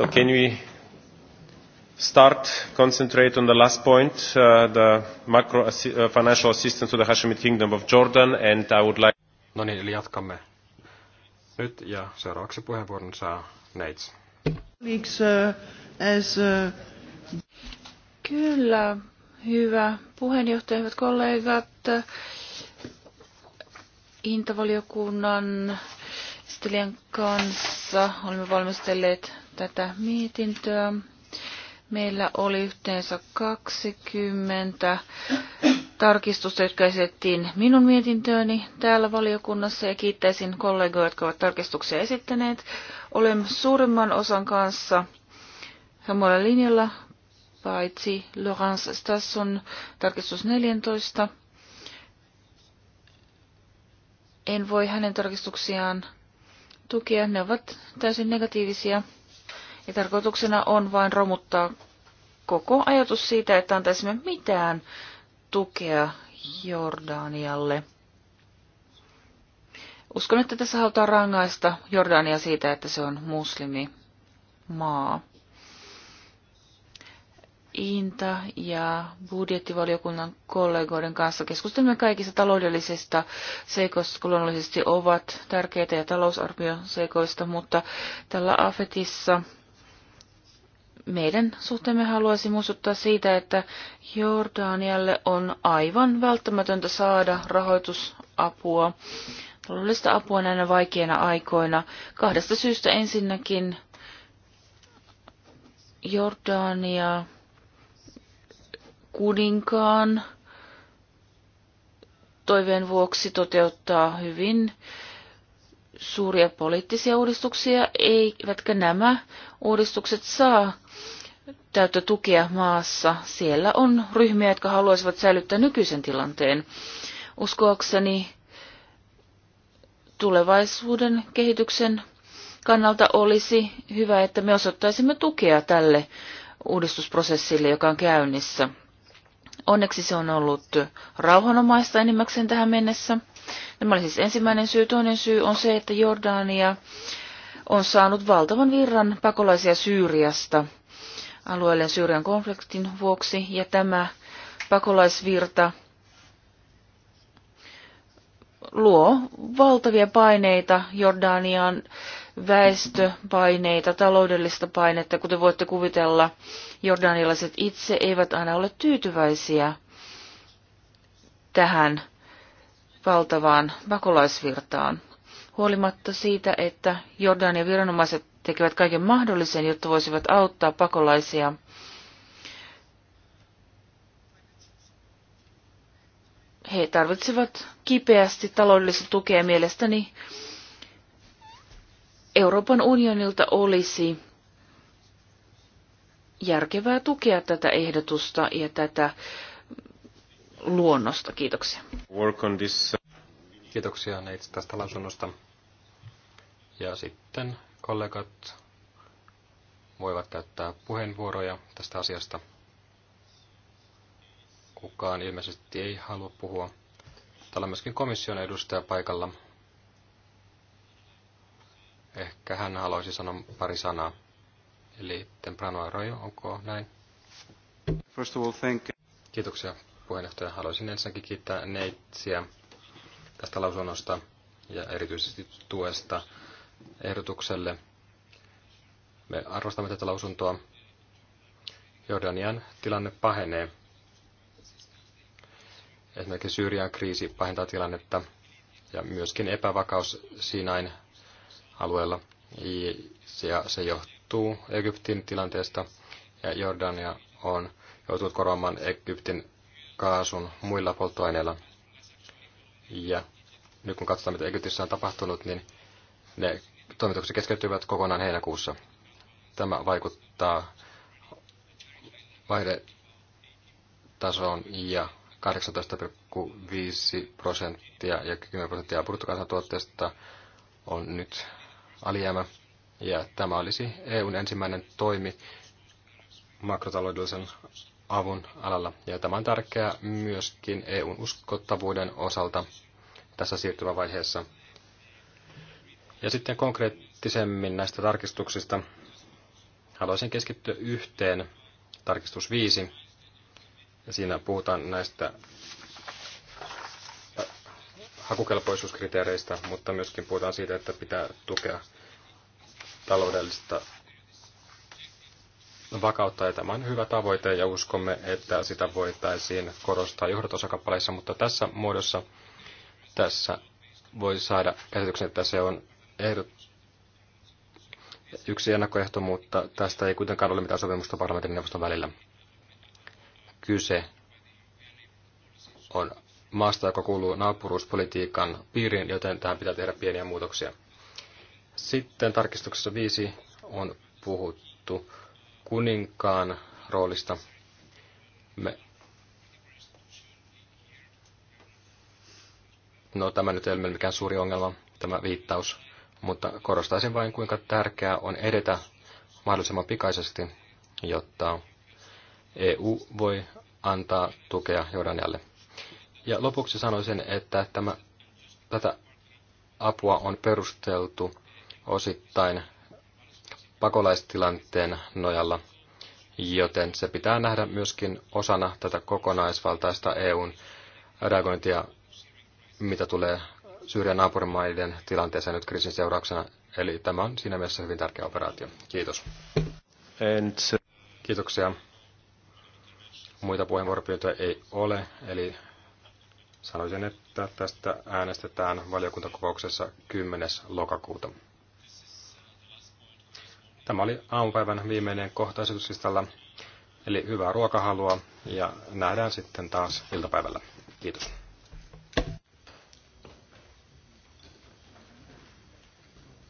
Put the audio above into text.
So can we start, concentrate on the last point, uh, the macro assi uh, financial assistance to the Hashemite Kingdom of Jordan, and I would like... No niin, eli jatkamme nyt, ja seuraavaksi puheenvuoron saa Neits. Uh, uh, Kyllä, hyvä puheenjohtaja, hyvät kollegat. Intavaliokunnan esittelijän kanssa olemme valmistelleet tätä mietintöä. Meillä oli yhteensä 20 tarkistusta, jotka esitettiin minun mietintööni täällä valiokunnassa ja kiittäisin kollegoja, jotka ovat tarkistuksia esittäneet. Olen suurimman osan kanssa samalla linjalla, paitsi Laurence Stasson tarkistus 14. En voi hänen tarkistuksiaan tukea, ne ovat täysin negatiivisia. Ja tarkoituksena on vain romuttaa koko ajatus siitä, että antaisimme mitään tukea Jordanialle. Uskon, että tässä halutaan rangaista Jordania siitä, että se on muslimi maa. Inta ja budjettivaliokunnan kollegoiden kanssa keskustelimme kaikista taloudellisista seikoista, kun luonnollisesti ovat tärkeitä ja talousarvioseikoista, mutta tällä AFETissa meidän suhteemme haluaisi muistuttaa siitä, että Jordanialle on aivan välttämätöntä saada rahoitusapua, taloudellista apua näinä vaikeina aikoina. Kahdesta syystä ensinnäkin Jordania kuninkaan toiveen vuoksi toteuttaa hyvin suuria poliittisia uudistuksia, eivätkä nämä uudistukset saa täyttä tukea maassa. Siellä on ryhmiä, jotka haluaisivat säilyttää nykyisen tilanteen. Uskoakseni tulevaisuuden kehityksen kannalta olisi hyvä, että me osoittaisimme tukea tälle uudistusprosessille, joka on käynnissä. Onneksi se on ollut rauhanomaista enimmäkseen tähän mennessä. Tämä oli siis ensimmäinen syy. Toinen syy on se, että Jordania on saanut valtavan virran pakolaisia Syyriasta alueelle Syyrian konfliktin vuoksi, ja tämä pakolaisvirta luo valtavia paineita Jordaniaan, väestöpaineita, taloudellista painetta. Kuten voitte kuvitella, jordanialaiset itse eivät aina ole tyytyväisiä tähän valtavaan pakolaisvirtaan. Huolimatta siitä, että Jordanian viranomaiset tekevät kaiken mahdollisen, jotta voisivat auttaa pakolaisia, he tarvitsevat kipeästi taloudellista tukea. Mielestäni Euroopan unionilta olisi järkevää tukea tätä ehdotusta ja tätä luonnosta. Kiitoksia. Work on this. Kiitoksia Neits tästä lausunnosta. Ja sitten kollegat voivat käyttää puheenvuoroja tästä asiasta. Kukaan ilmeisesti ei halua puhua. Täällä on myöskin komission edustaja paikalla. Ehkä hän haluaisi sanoa pari sanaa. Eli Temprano Arroyo, onko näin? First of all, thank you. Kiitoksia puheenjohtaja. Haluaisin ensinnäkin kiittää Neitsiä tästä lausunnosta ja erityisesti tuesta ehdotukselle. Me arvostamme tätä lausuntoa. Jordanian tilanne pahenee. Esimerkiksi Syyrian kriisi pahentaa tilannetta ja myöskin epävakaus Sinain alueella. Ja se johtuu Egyptin tilanteesta ja Jordania on joutunut korvaamaan Egyptin kaasun muilla polttoaineilla. Ja nyt kun katsotaan, mitä Egyptissä on tapahtunut, niin ne toimitukset keskeytyvät kokonaan heinäkuussa. Tämä vaikuttaa vaihdetasoon ja 18,5 prosenttia ja 10 prosenttia bruttokansantuotteesta on nyt alijäämä. Ja tämä olisi EUn ensimmäinen toimi makrotaloudellisen avun alalla. Ja tämä on tärkeää myöskin EUn uskottavuuden osalta tässä siirtymävaiheessa. Ja sitten konkreettisemmin näistä tarkistuksista haluaisin keskittyä yhteen, tarkistus 5. Ja siinä puhutaan näistä äh, hakukelpoisuuskriteereistä, mutta myöskin puhutaan siitä, että pitää tukea taloudellista vakautta ja tämä on hyvä tavoite ja uskomme, että sitä voitaisiin korostaa johdotosakappaleissa, mutta tässä muodossa tässä voi saada käsityksen, että se on ehdot, yksi ennakkoehto, mutta tästä ei kuitenkaan ole mitään sopimusta parlamentin neuvoston välillä. Kyse on maasta, joka kuuluu naapuruuspolitiikan piiriin, joten tähän pitää tehdä pieniä muutoksia. Sitten tarkistuksessa viisi on puhuttu kuninkaan roolista. Me... No tämä nyt ei ole mikään suuri ongelma, tämä viittaus, mutta korostaisin vain kuinka tärkeää on edetä mahdollisimman pikaisesti, jotta EU voi antaa tukea Jordanialle. Ja lopuksi sanoisin, että tämä, tätä apua on perusteltu osittain pakolaistilanteen nojalla, joten se pitää nähdä myöskin osana tätä kokonaisvaltaista EUn reagointia, mitä tulee Syyrian naapurimaiden tilanteeseen nyt kriisin seurauksena. Eli tämä on siinä mielessä hyvin tärkeä operaatio. Kiitos. And... Kiitoksia. Muita puheenvuoropyyntöjä ei ole, eli sanoisin, että tästä äänestetään valiokuntakokouksessa 10. lokakuuta. Tämä oli aamupäivän viimeinen kohta esityslistalla. Eli hyvää ruokahalua ja nähdään sitten taas iltapäivällä. Kiitos.